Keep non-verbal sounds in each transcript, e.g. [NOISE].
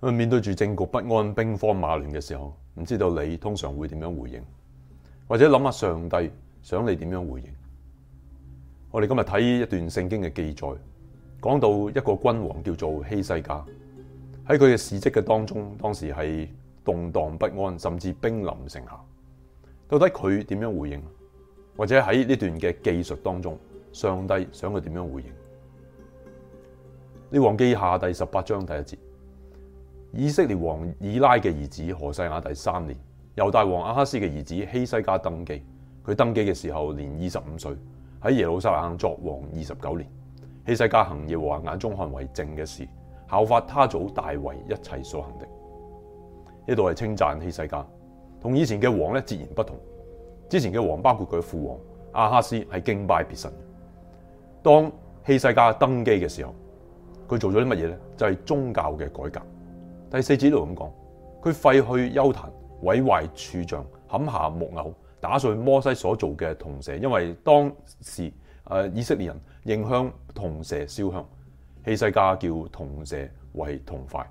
面對住政局不安、兵荒馬亂嘅時候，唔知道你通常會點樣回應，或者諗下上帝想你點樣回應。我哋今日睇一段聖經嘅記載，講到一個君王叫做希西家，喺佢嘅事跡嘅當中，當時係動盪不安，甚至兵臨城下。到底佢點樣回應？或者喺呢段嘅記述當中，上帝想佢點樣回應？呢王記下第十八章第一節。以色列王以拉嘅兒子何西雅第三年，猶大王阿哈斯嘅兒子希西家登基。佢登基嘅時候年二十五歲，喺耶路撒冷作王二十九年。希西家行耶和華眼中看為正嘅事，效法他祖大衛一切所行的。呢度係稱讚希西家，同以前嘅王咧，截然不同。之前嘅王包括佢父王阿哈斯係敬拜別神。當希西家登基嘅時候，佢做咗啲乜嘢咧？就係、是、宗教嘅改革。第四節一路咁講，佢廢去丘壇，毀壞柱像，砍下木偶，打碎摩西所做嘅銅蛇，因為當時誒以色列人仍向銅蛇燒香，希西家叫銅蛇為銅塊。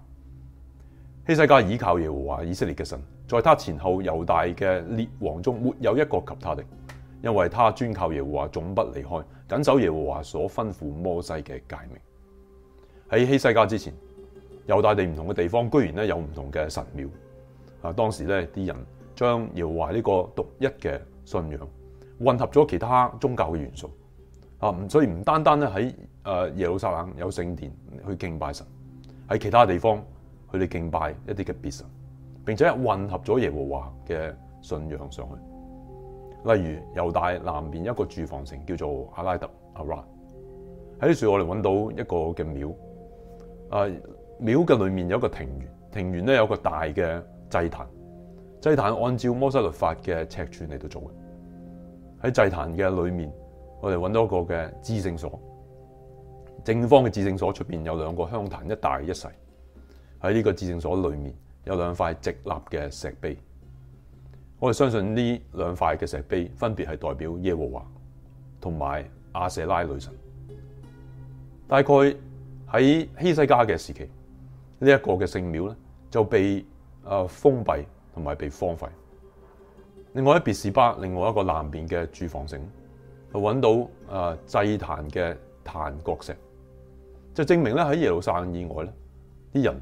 希西家倚靠耶和華以色列嘅神，在他前後猶大嘅列王中沒有一個及他的，因為他專靠耶和華，總不離開，謹守耶和華所吩咐摩西嘅誡命。喺希西家之前。猶大地唔同嘅地方，居然咧有唔同嘅神廟啊！當時咧啲人將耶和華呢個獨一嘅信仰混合咗其他宗教嘅元素啊，所以唔單單咧喺誒耶路撒冷有聖殿去敬拜神，喺其他地方佢哋敬拜一啲嘅別神，並且混合咗耶和華嘅信仰上去。例如猶大南邊一個住房城叫做亞拉得阿拉，喺呢處，在裏我哋揾到一個嘅廟啊。廟嘅裏面有一個庭園，庭園咧有一個大嘅祭壇，祭壇按照摩西律法嘅尺寸嚟到做嘅。喺祭壇嘅裏面，我哋揾到一個嘅至聖所，正方嘅至聖所出邊有兩個香壇，一帶一帶一，一大一細。喺呢個至聖所裏面，有兩塊直立嘅石碑。我哋相信呢兩塊嘅石碑分別係代表耶和華同埋阿舍拉女神。大概喺希西家嘅時期。呢一個嘅聖廟咧就被啊封閉同埋被荒廢。另外喺別是巴，另外一個南邊嘅住房城，去揾到啊祭壇嘅壇角石，就證明咧喺耶路撒冷以外咧啲人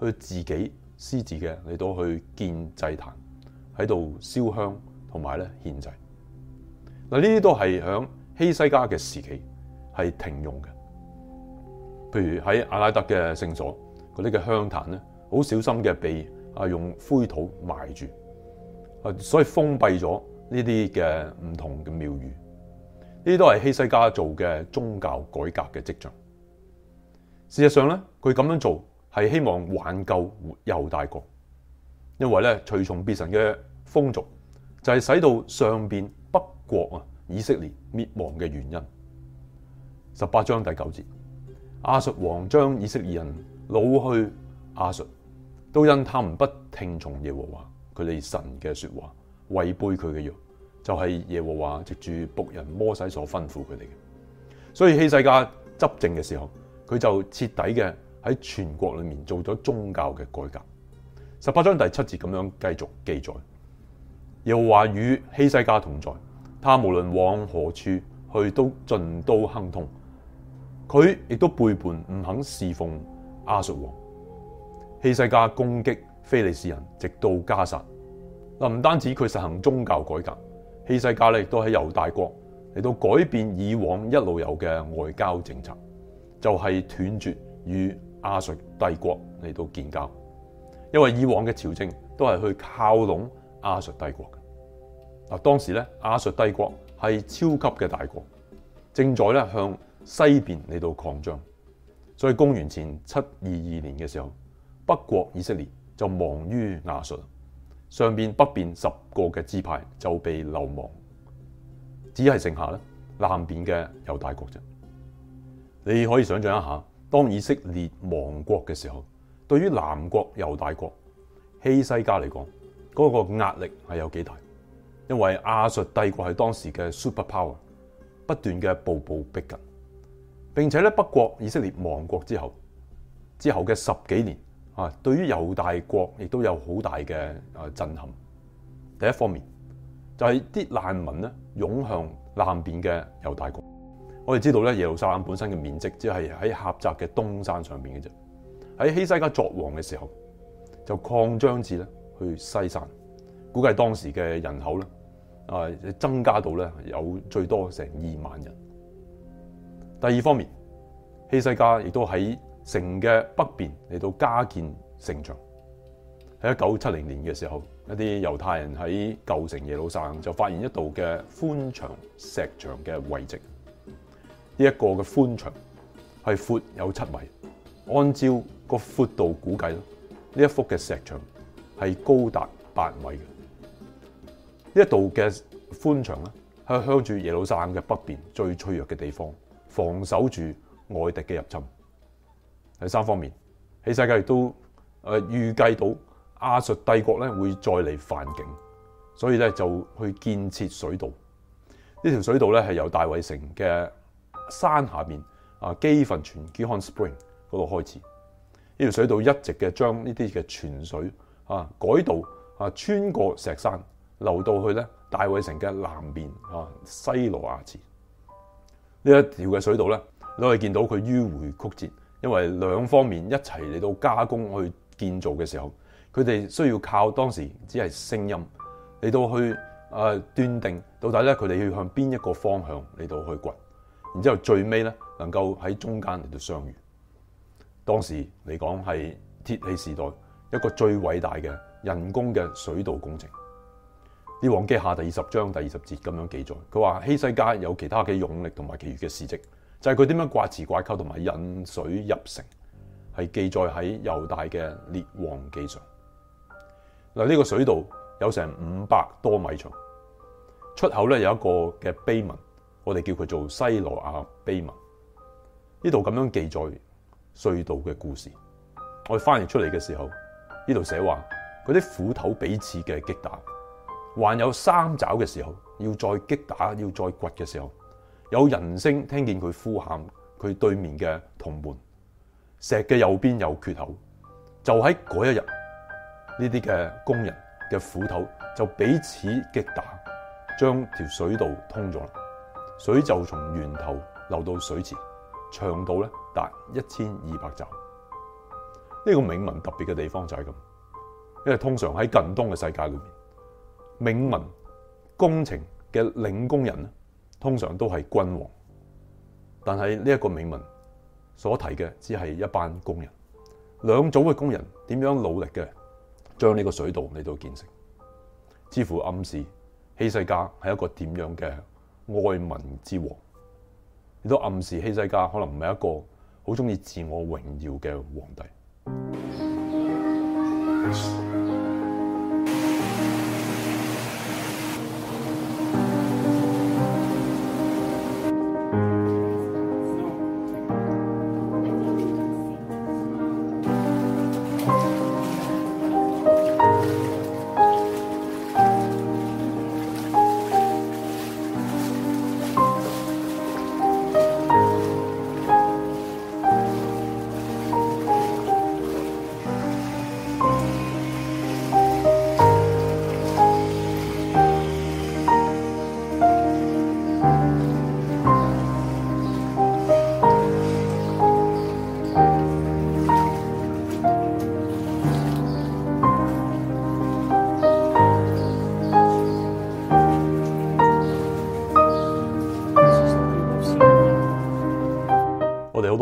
去自己私自嘅嚟到去建祭壇，喺度燒香同埋咧獻祭。嗱呢啲都係喺希西家嘅時期係停用嘅。譬如喺亞拉得嘅聖所。嗰啲嘅香壇咧，好小心嘅被啊用灰土埋住啊，所以封閉咗呢啲嘅唔同嘅廟宇。呢啲都係希西家做嘅宗教改革嘅跡象。事實上咧，佢咁樣做係希望挽救猶大國，因為咧隨從別神嘅風俗就係使到上邊北國啊以色列滅亡嘅原因。十八章第九節，亞述王將以色列人。老去亞述，都因他們不聽從耶和華佢哋神嘅說話，違背佢嘅約，就係、是、耶和華藉住僕人摩西所吩咐佢哋嘅。所以希西家執政嘅時候，佢就徹底嘅喺全國裏面做咗宗教嘅改革。十八章第七節咁樣繼續記載，又話與希西家同在，他無論往何處去，他都盡都亨通。佢亦都背叛，唔肯侍奉。亞述王希西家攻擊非利士人，直到迦薩。嗱，唔單止佢實行宗教改革，希西家亦都喺猶大國嚟到改變以往一路有嘅外交政策，就係、是、斷絕與亞述帝國嚟到建交。因為以往嘅朝政都係去靠攏亞述帝國。嗱，當時咧亞述帝國係超級嘅大國，正在咧向西邊嚟到擴張。所以公元前七二二年嘅時候，北國以色列就亡於亞述，上面北邊十個嘅支派就被流亡，只係剩下咧南邊嘅猶大國啫。你可以想象一下，當以色列亡國嘅時候，對於南國猶大國希西家嚟講，嗰、那個壓力係有幾大，因為亞述帝國係當時嘅 super power，不斷嘅步步逼近。並且咧，北國以色列亡國之後，之後嘅十幾年啊，對於猶大國亦都有好大嘅啊震撼。第一方面就係、是、啲難民咧，湧向南邊嘅猶大國。我哋知道咧，耶路撒冷本身嘅面積只係喺狹窄嘅東山上面嘅啫。喺希西家作王嘅時候，就擴張至咧去西山，估計當時嘅人口咧啊增加到咧有最多成二萬人。第二方面，希西家亦都喺城嘅北邊嚟到加建城牆。喺一九七零年嘅時候，一啲猶太人喺舊城耶路撒冷就發現一度嘅寬牆石牆嘅遺跡。呢一個嘅寬牆係闊有七米，按照個闊度估計，呢一幅嘅石牆係高達八米。呢一度嘅寬牆咧，係向住耶路撒冷嘅北邊最脆弱嘅地方，防守住外敵嘅入侵。第三方面，喺世界亦都誒預計到亞述帝國咧會再嚟犯境，所以咧就去建設水道。呢條水道咧係由大衛城嘅山下面啊基訓泉 （Gihon Spring） 嗰度開始。呢條水道一直嘅將呢啲嘅泉水啊改道啊，穿過石山，流到去咧大衛城嘅南面，啊西羅亞池。呢一條嘅水道咧，你可以見到佢迂回曲折，因為兩方面一齊嚟到加工去建造嘅時候，佢哋需要靠當時只係聲音嚟到去誒、呃、斷定到底咧佢哋要向邊一個方向嚟到去掘，然之後最尾咧能夠喺中間嚟到相遇。當時嚟講係鐵器時代一個最偉大嘅人工嘅水道工程。列王記下第二十章第二十節咁樣記載，佢話希西家有其他嘅勇力同埋其餘嘅事蹟，就係佢點樣挖池挖溝同埋引水入城，係記載喺猶大嘅列王記上。嗱，呢個水道有成五百多米長，出口咧有一個嘅碑文，我哋叫佢做西羅亞碑文。呢度咁樣記載隧道嘅故事，我哋翻譯出嚟嘅時候，呢度寫話嗰啲斧頭彼此嘅擊打。還有三肘嘅時候，要再擊打，要再掘嘅時候，有人聲聽見佢呼喊佢對面嘅同伴。石嘅右邊有缺口，就喺嗰一日，呢啲嘅工人嘅斧頭就彼此擊打，將條水道通咗啦，水就從源頭流到水池，長度咧達一千二百肘。呢、這個銘文特別嘅地方就係咁，因為通常喺近東嘅世界裏面。銘文工程嘅領工人通常都係君王，但係呢一個銘文所提嘅只係一班工人，兩組嘅工人點樣努力嘅將呢個水道嚟到建成，似乎暗示希西家係一個點樣嘅愛民之王，亦都暗示希西家可能唔係一個好鍾意自我榮耀嘅皇帝。 [MUSIC]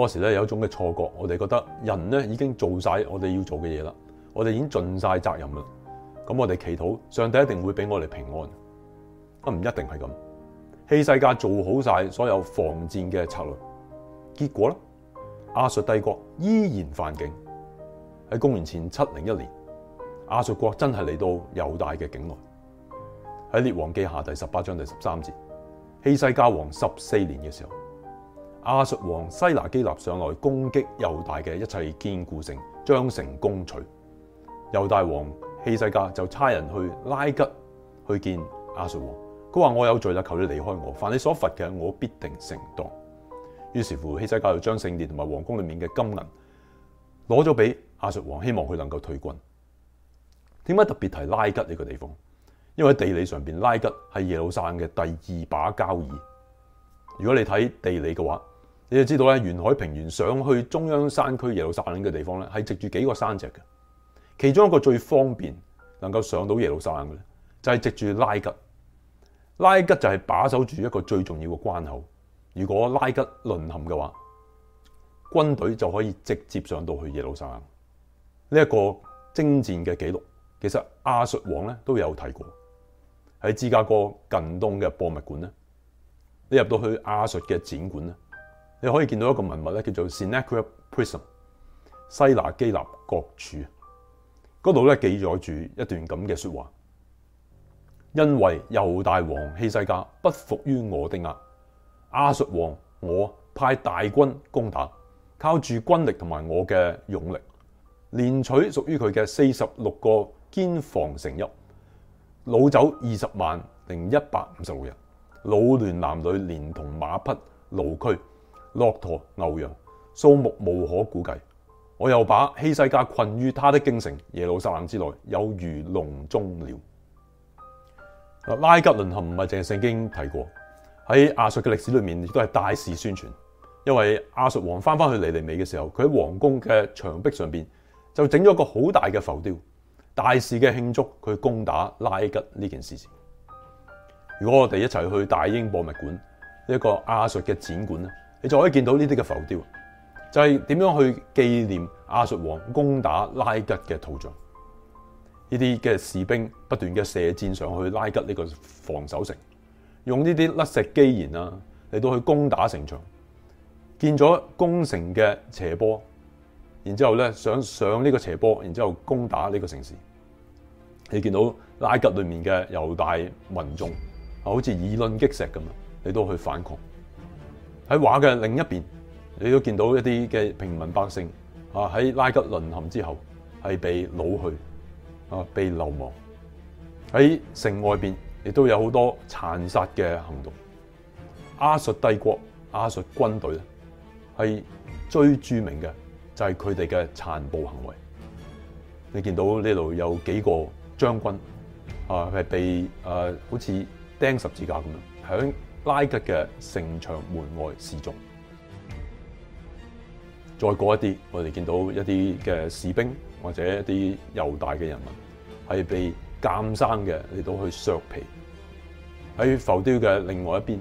嗰時咧有一種嘅錯覺，我哋覺得人咧已經做晒我哋要做嘅嘢啦，我哋已經盡晒責任啦。咁我哋祈禱，上帝一定會俾我哋平安。啊，唔一定係咁。希西家做好晒所有防戰嘅策略，結果咧，亞述帝國依然犯境。喺公元前七零一年，亞述國真係嚟到猶大嘅境內。喺列王記下第十八章第十三節，希西家王十四年嘅時候。亞述王西拿基立上來攻擊猶大嘅一切堅固城，將城攻取。猶大王希西家就差人去拉吉去見亞述王，佢話，我有罪啦，求你離開我，凡你所罰嘅我必定承當。於是乎，希西家就將聖殿同埋皇宮裏面嘅金銀攞咗俾亞述王，希望佢能夠退軍。點解特別提拉吉呢個地方？因為喺地理上邊，拉吉係耶路撒冷嘅第二把交椅。如果你睇地理嘅話，你就知道咧，沿海平原上去中央山區耶路撒冷嘅地方咧，係直住幾個山脊嘅。其中一個最方便能夠上到耶路撒冷嘅咧，就係直住拉吉。拉吉就係把守住一個最重要嘅關口。如果拉吉淪陷嘅話，軍隊就可以直接上到去耶路撒冷。呢一個征戰嘅記錄，其實亞述王咧都有睇過。喺芝加哥近東嘅博物館咧，你入到去亞述嘅展館咧。你可以見到一個文物咧，叫做《Sennacherib Prism》西拿基立角柱。嗰度咧記載住一段咁嘅說話，因為猶大王希西家不服於我的壓亞述王，我派大軍攻打，靠住軍力同埋我嘅勇力，連取屬於佢嘅四十六個堅防城邑，老走二十萬零一百五十六人，老聯男女連同馬匹勞區、路區。駱駝、牛羊，數目無可估計。我又把希西家困於他的京城耶路撒冷之內，有如籠中鳥。拉吉淪陷唔係淨係聖經提過，喺亞述嘅歷史裏面亦都係大肆宣傳。因為亞述王翻翻去尼尼微嘅時候，佢喺皇宮嘅牆壁上邊就整咗一個好大嘅浮雕，大肆嘅慶祝佢攻打拉吉呢件事情。如果我哋一齊去大英博物館呢個亞述嘅展館咧，你就可以見到呢啲嘅浮雕，就係點樣去紀念亞述王攻打拉吉嘅圖像。呢啲嘅士兵不斷嘅射箭上去拉吉呢個防守城，用呢啲甩石機沿，啊你都去攻打城牆，建咗攻城嘅斜坡，然之後咧想上呢個斜坡，然之後攻打呢個城市。你見到拉吉裏面嘅猶大民眾啊，好似以卵擊石咁啊，你都去反抗。喺畫嘅另一邊，你都見到一啲嘅平民百姓啊，喺拉吉淪陷之後係被擄去啊，被流亡。喺城外邊亦都有好多殘殺嘅行動。亞述帝國亞述軍隊咧係最著名嘅就係佢哋嘅殘暴行為。你見到呢度有幾個將軍啊係被啊好似釘十字架咁樣響。拉吉嘅城牆門外示眾，再過一啲，我哋見到一啲嘅士兵或者一啲猶大嘅人民係被監生嘅嚟到去削皮。喺浮雕嘅另外一邊，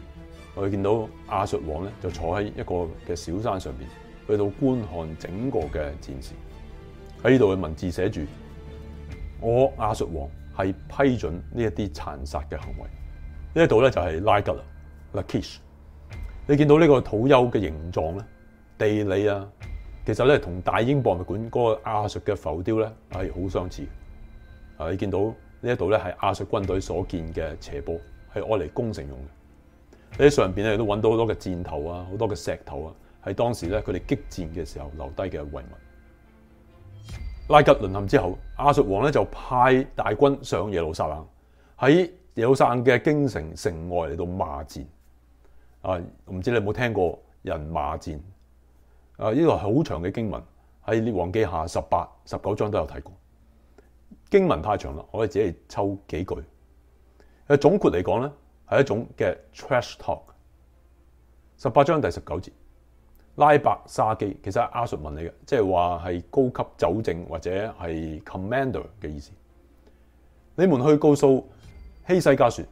我哋見到亞述王咧就坐喺一個嘅小山上邊，去到觀看整個嘅戰事。喺呢度嘅文字寫住：我亞述王係批准呢一啲殘殺嘅行為。呢一度咧就係拉吉啦。拉基什，ish，你見到呢個土丘嘅形狀咧、地理啊，其實咧同大英博物館嗰個亞述嘅浮雕咧係好相似。啊，你見到呢一度咧係亞述軍隊所建嘅斜坡，係愛嚟攻城用嘅。呢上邊咧都揾到好多嘅箭頭啊、好多嘅石頭啊，係當時咧佢哋激戰嘅時候留低嘅遺物。拉吉淪陷之後，亞述王咧就派大軍上耶路撒冷，喺耶路撒冷嘅京城城外嚟到罵戰。啊，唔知你有冇聽過人罵戰？啊，呢個係好長嘅經文，喺《列王記下》十八、十九章都有提過。經文太長啦，我哋只係抽幾句。嘅總括嚟講咧，係一種嘅 trash talk。十八章第十九節，拉伯沙基，其實係亞述文嚟嘅，即係話係高級酒政或者係 commander 嘅意思。你們去告訴希西家說：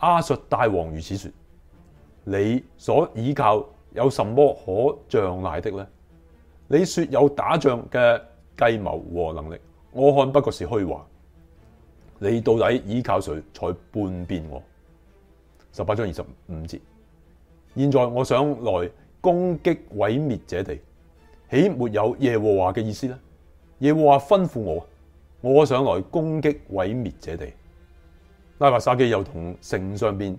亞述大王如此說。你所倚靠有什麼可仗賴的呢？你說有打仗嘅計謀和能力，我看不過是虛話。你到底倚靠誰才叛變我？十八章二十五節。現在我想來攻擊毀滅這地，豈沒有耶和華嘅意思呢？耶和華吩咐我，我想來攻擊毀滅這地。拉伯沙基又同城上邊。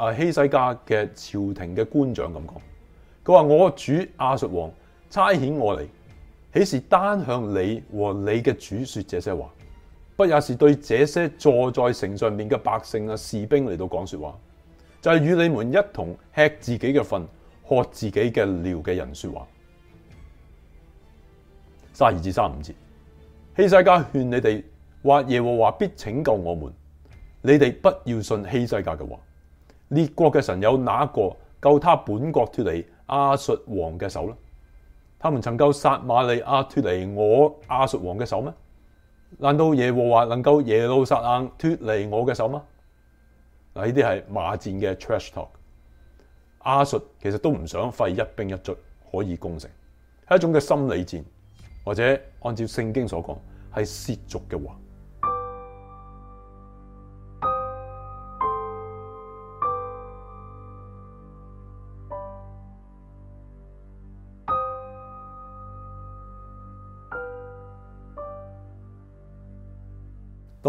啊！希西家嘅朝廷嘅官長咁講，佢話我主亞述王差遣我嚟，豈是單向你和你嘅主說這些話？不也是對這些坐在城上面嘅百姓啊、士兵嚟到講說話，就係、是、與你們一同吃自己嘅糞、喝自己嘅尿嘅人說話。三二至三五節，希西家勸你哋話：耶和華必拯救我們，你哋不要信希西家嘅話。列國嘅神有哪一個救他本國脫離亞述王嘅手呢？他們曾夠撒馬利亞脫離我亞述王嘅手咩？難道耶和華能夠耶路撒冷脫離我嘅手嗎？嗱，呢啲係馬戰嘅 trash talk。亞述其實都唔想費一兵一卒可以攻城，係一種嘅心理戰，或者按照聖經所講係褻瀆嘅話。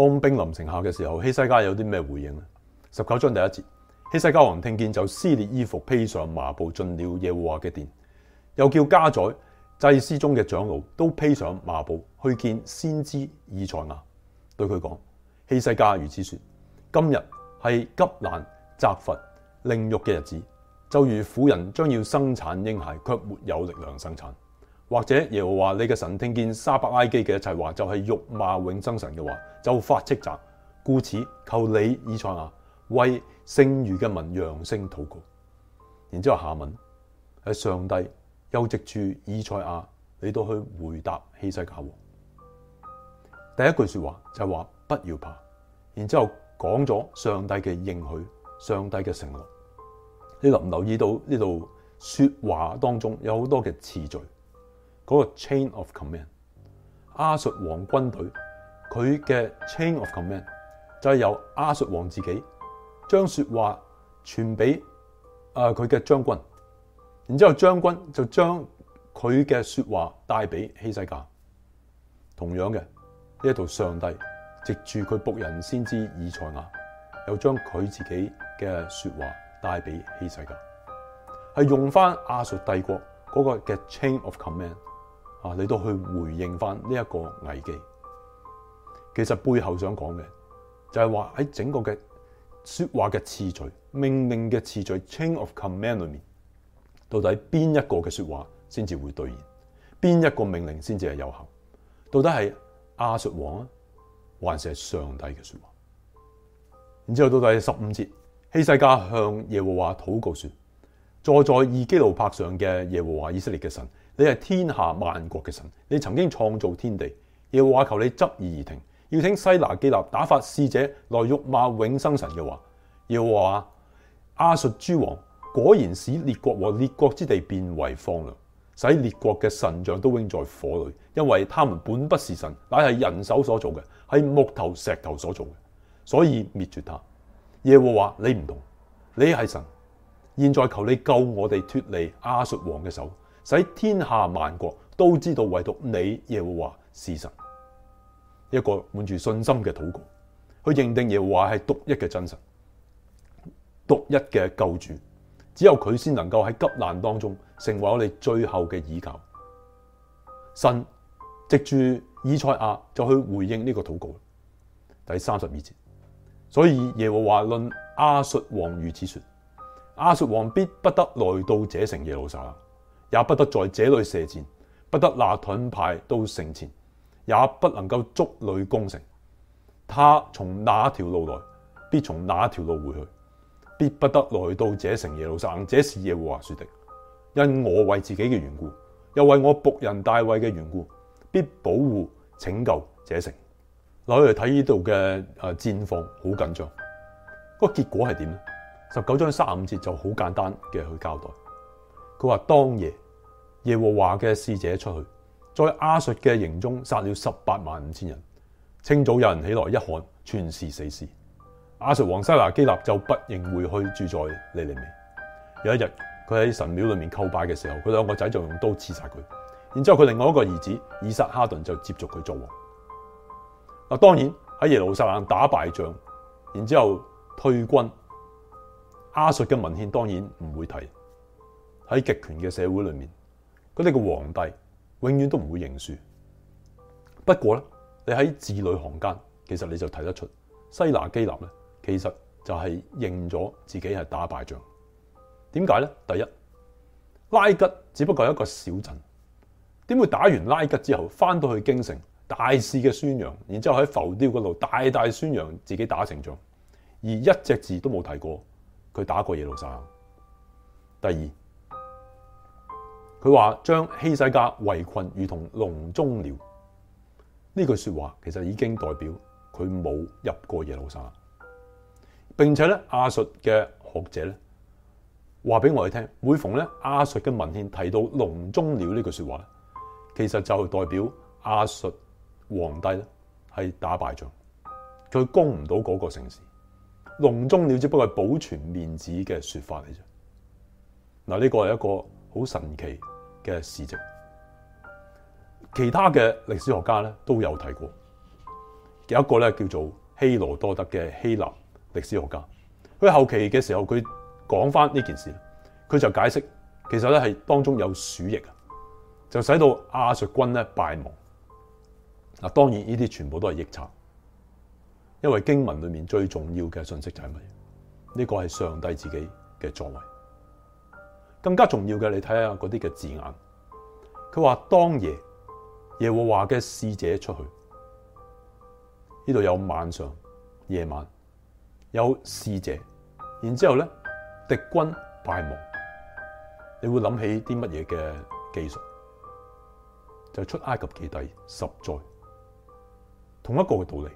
當兵臨城下嘅時候，希西家有啲咩回應呢？十九章第一節，希西家王聽見就撕裂衣服，披上麻布，進了耶和華嘅殿，又叫家宰、祭司中嘅長老都披上麻布去見先知以賽亞，對佢講：希西家如此說，今日係急難、責罰、凌辱嘅日子，就如婦人將要生產嬰孩，卻沒有力量生產。或者耶和華你嘅神聽見沙伯埃基嘅一切話，就係辱罵永生神嘅話，就發斥責。故此，求你，以賽亞為剩餘嘅民揚聲禱告。然之後下文喺上帝又藉住以賽亞，你都去回答希西家王。第一句說話就係話不要怕。然之後講咗上帝嘅應許，上帝嘅承諾。你留唔留意到呢度說話當中有好多嘅次序？嗰個 chain of command，亞述王軍隊佢嘅 chain of command 就係由亞述王自己將説話傳俾誒佢嘅將軍，然之後將軍就將佢嘅説話帶俾希西家。同樣嘅，呢一度上帝藉住佢僕人先知以賽亞，又將佢自己嘅説話帶俾希西家，係用翻亞述帝國嗰個嘅 chain of command。啊！你都去回應翻呢一個危機，其實背後想講嘅就係話喺整個嘅說話嘅次序、命令嘅次序 （chain of command） 裏面，主持人到底邊一個嘅說話先至會兌現，邊一個命令先至係有效？到底係亞述王啊，還是係上帝嘅說話？然之後到第十五節，希西家向耶和華禱告說：坐在二基路伯上嘅耶和華以色列嘅神。你係天下萬國嘅神，你曾經創造天地，耶和華求你側耳而聽，要聽西拿基立打發使者來辱罵永生神嘅話，耶和華亞述諸王果然使列國和列國之地變為荒涼，使列國嘅神像都扔在火裏，因為他們本不是神，乃係人手所做嘅，係木頭、石頭所做嘅，所以滅絕他。耶和華你唔同，你係神，現在求你救我哋脫離亞述王嘅手。使天下萬國都知道唯獨，唯獨你耶和華是神。一個滿住信心嘅禱告，去認定耶和華係獨一嘅真神，獨一嘅救主，只有佢先能夠喺急難當中成為我哋最後嘅依靠。神藉住以賽亞就去回應呢個禱告，第三十二節。所以耶和華論亞述王如此說：亞述王必不得來到這城耶路撒。也不得在這裏射箭，不得拿盾牌到城前，也不能夠築壘攻城。他從哪條路來，必從哪條路回去，必不得來到這城耶路撒冷。這是耶和華說的。因我為自己嘅緣故，又為我僕人大衛嘅緣故，必保護拯救這城。來嚟睇呢度嘅，誒，戰況好緊張。嗰個結果係點呢？十九章三五節就好簡單嘅去交代。佢話當夜，耶和華嘅使者出去，在亞述嘅營中殺了十八萬五千人。清早有人起來一看，全是死屍。亞述王西拿基立就不應回去，住在尼尼微。有一日，佢喺神廟裏面叩拜嘅時候，佢兩個仔就用刀刺殺佢。然之後佢另外一個兒子以撒哈頓就接續佢做王。嗱，當然喺耶路撒冷打敗仗，然之後退軍，亞述嘅文獻當然唔會提喺極權嘅社會裏面。佢哋個皇帝永遠都唔會認輸。不過咧，你喺字裏行間，其實你就睇得出西拿基立咧，其實就係認咗自己係打敗仗。點解咧？第一，拉吉只不過係一個小鎮，點會打完拉吉之後，翻到去京城大肆嘅宣揚，然之後喺浮雕嗰度大大宣揚自己打成仗，而一隻字都冇提過佢打過耶路撒冷。第二。佢話將希西家圍困如同籠中鳥，呢句說話其實已經代表佢冇入過耶路撒冷，並且咧亞述嘅學者咧話俾我哋聽，每逢咧亞述嘅文獻提到籠中鳥呢句說話咧，其實就代表亞述皇帝咧係打敗仗，佢攻唔到嗰個城市，籠中鳥只不過係保存面子嘅說法嚟啫。嗱，呢個係一個好神奇。嘅事跡，其他嘅歷史學家咧都有睇過，有一個咧叫做希羅多德嘅希臘歷史學家，佢後期嘅時候佢講翻呢件事，佢就解釋其實咧係當中有鼠疫啊，就使到亞述軍咧敗亡。嗱，當然呢啲全部都係臆測，因為經文裏面最重要嘅信息就係乜嘢？呢個係上帝自己嘅作為。更加重要嘅，你睇下嗰啲嘅字眼，佢話當夜耶和華嘅使者出去，呢度有晚上、夜晚，有使者，然之後咧敵軍敗亡，你會諗起啲乜嘢嘅技術？就是、出埃及記第十災同一個嘅道理，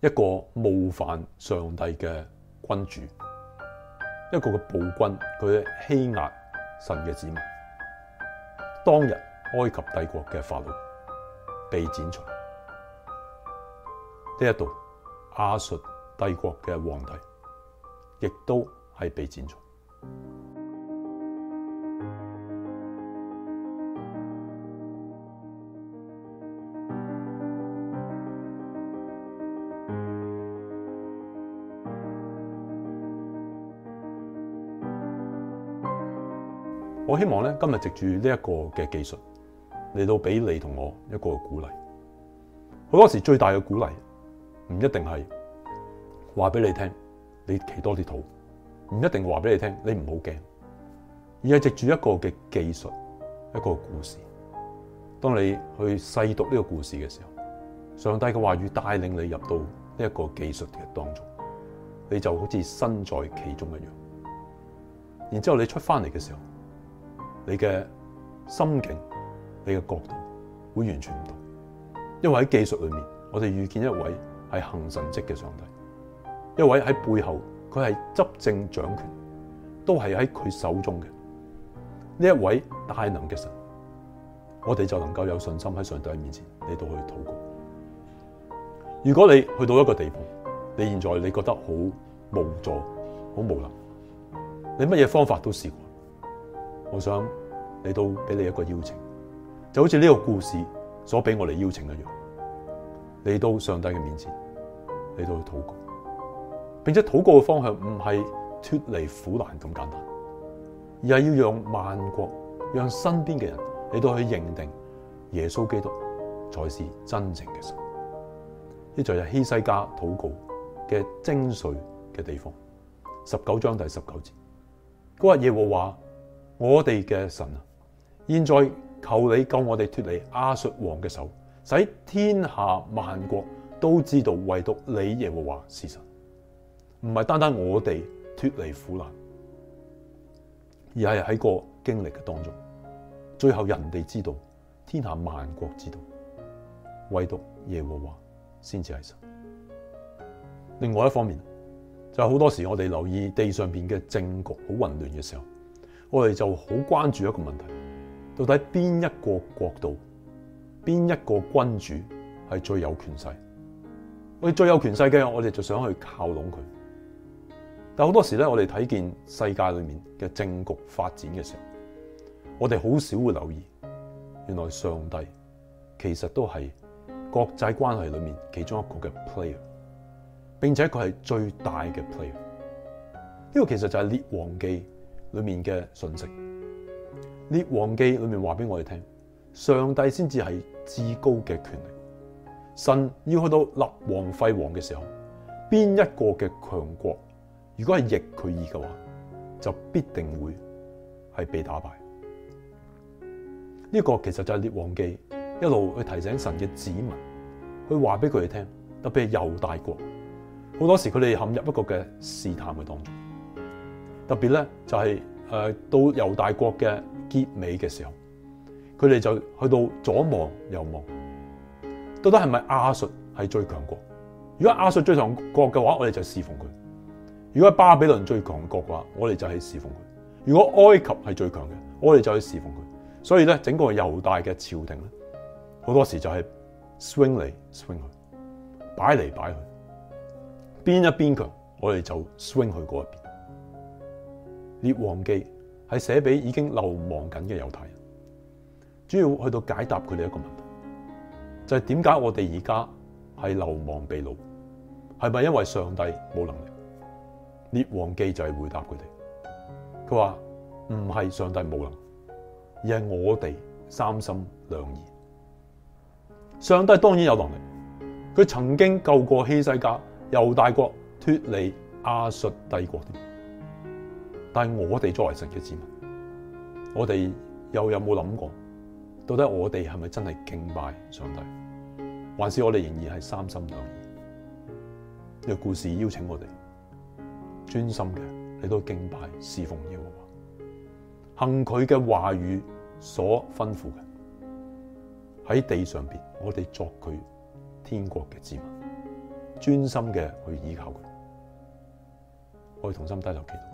一個冒犯上帝嘅君主。一個嘅暴君，佢欺壓神嘅子民。當日埃及帝國嘅法老被剪除。呢一度亞述帝國嘅皇帝亦都係被剪除。希望咧，今日藉住呢一個嘅技術嚟到俾你同我一個鼓勵。好多時最大嘅鼓勵唔一定係話俾你聽，你企多啲肚，唔一定話俾你聽，你唔好驚，而係藉住一個嘅技術，一個故事。當你去細讀呢個故事嘅時候，上帝嘅話語帶領你入到呢一個技術嘅當中，你就好似身在其中一樣。然之後你出翻嚟嘅時候。你嘅心境，你嘅角度，會完全唔同。因為喺技術裏面，我哋遇見一位係行神蹟嘅上帝，一位喺背後，佢係執政掌權，都係喺佢手中嘅呢一位大能嘅神，我哋就能夠有信心喺上帝面前嚟到去禱告。如果你去到一個地步，你現在你覺得好無助，好無能，你乜嘢方法都試過。我想你都俾你一個邀請，就好似呢個故事所俾我哋邀請一樣，嚟到上帝嘅面前都去禱告，並且禱告嘅方向唔係脫離苦難咁簡單，而係要讓萬國、讓身邊嘅人你都去認定耶穌基督才是真正嘅神。呢就係希西家禱告嘅精髓嘅地方，十九章第十九節，嗰日耶和華。我哋嘅神啊，現在求你救我哋脫離亞述王嘅手，使天下萬國都知道唯獨你耶和華是神，唔係單單我哋脫離苦難，而係喺個經歷嘅當中，最後人哋知道，天下萬國知道，唯獨耶和華先至係神。另外一方面，就係、是、好多時我哋留意地上邊嘅政局好混亂嘅時候，我哋就好關注一個問題，到底邊一個國度、邊一個君主係最有權勢？我哋最有權勢嘅，我哋就想去靠攏佢。但好多時咧，我哋睇見世界裏面嘅政局發展嘅時候，我哋好少會留意，原來上帝其實都係國際關係裏面其中一個嘅 player，並且佢係最大嘅 player。呢個其實就係列王記。裏面嘅信息，《列王記》裏面話俾我哋聽，上帝先至係至高嘅權力。神要去到立王廢王嘅時候，邊一個嘅強國，如果係逆佢意嘅話，就必定會係被打敗。呢、這個其實就係《列王記》一路去提醒神嘅子民，去話俾佢哋聽，特別係猶大國，好多時佢哋陷入一個嘅試探嘅當中。特別咧就係、是、誒、呃、到猶大國嘅結尾嘅時候，佢哋就去到左望右望，到底係咪亞述係最強國？如果亞述最強國嘅話，我哋就侍奉佢；如果巴比倫最強國嘅話，我哋就係侍奉佢；如果埃及係最強嘅，我哋就去侍奉佢。所以咧，整個猶大嘅朝廷咧，好多時就係 swing 嚟 swing 去，擺嚟擺去，邊一邊強，我哋就 swing 去嗰一邊。列王記係寫俾已經流亡緊嘅猶太人，主要去到解答佢哋一個問題，就係點解我哋而家係流亡被擄，係咪因為上帝冇能力？列王記就係回答佢哋，佢話唔係上帝冇能，而係我哋三心兩意。上帝當然有能力，佢曾經救過希西家由大國脫離亞述帝國。但係我哋作為神嘅子民，我哋又有冇諗過？到底我哋係咪真係敬拜上帝，還是我哋仍然係三心兩意？呢、這個故事邀請我哋專心嘅嚟到敬拜的話、侍奉耶和華，行佢嘅話語所吩咐嘅。喺地上邊，我哋作佢天國嘅子民，專心嘅去依靠佢，我哋同心低頭祈禱。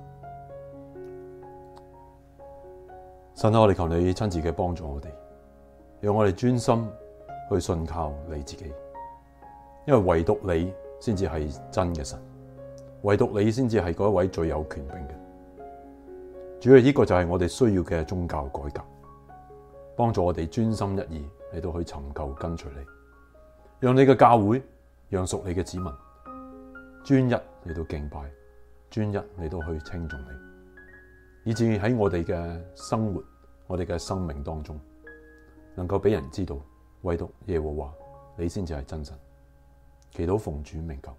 神啊，我哋求你親自嘅幫助我哋，讓我哋專心去信靠你自己，因為唯獨你先至係真嘅神，唯獨你先至係嗰一位最有權柄嘅。主要呢個就係我哋需要嘅宗教改革，幫助我哋專心一意嚟到去尋求跟隨你，讓你嘅教會，讓屬你嘅子民，專一嚟到敬拜，專一嚟到去稱頌你。以至喺我哋嘅生活、我哋嘅生命當中，能夠畀人知道，唯獨耶和華你先至係真神。祈禱奉主名求。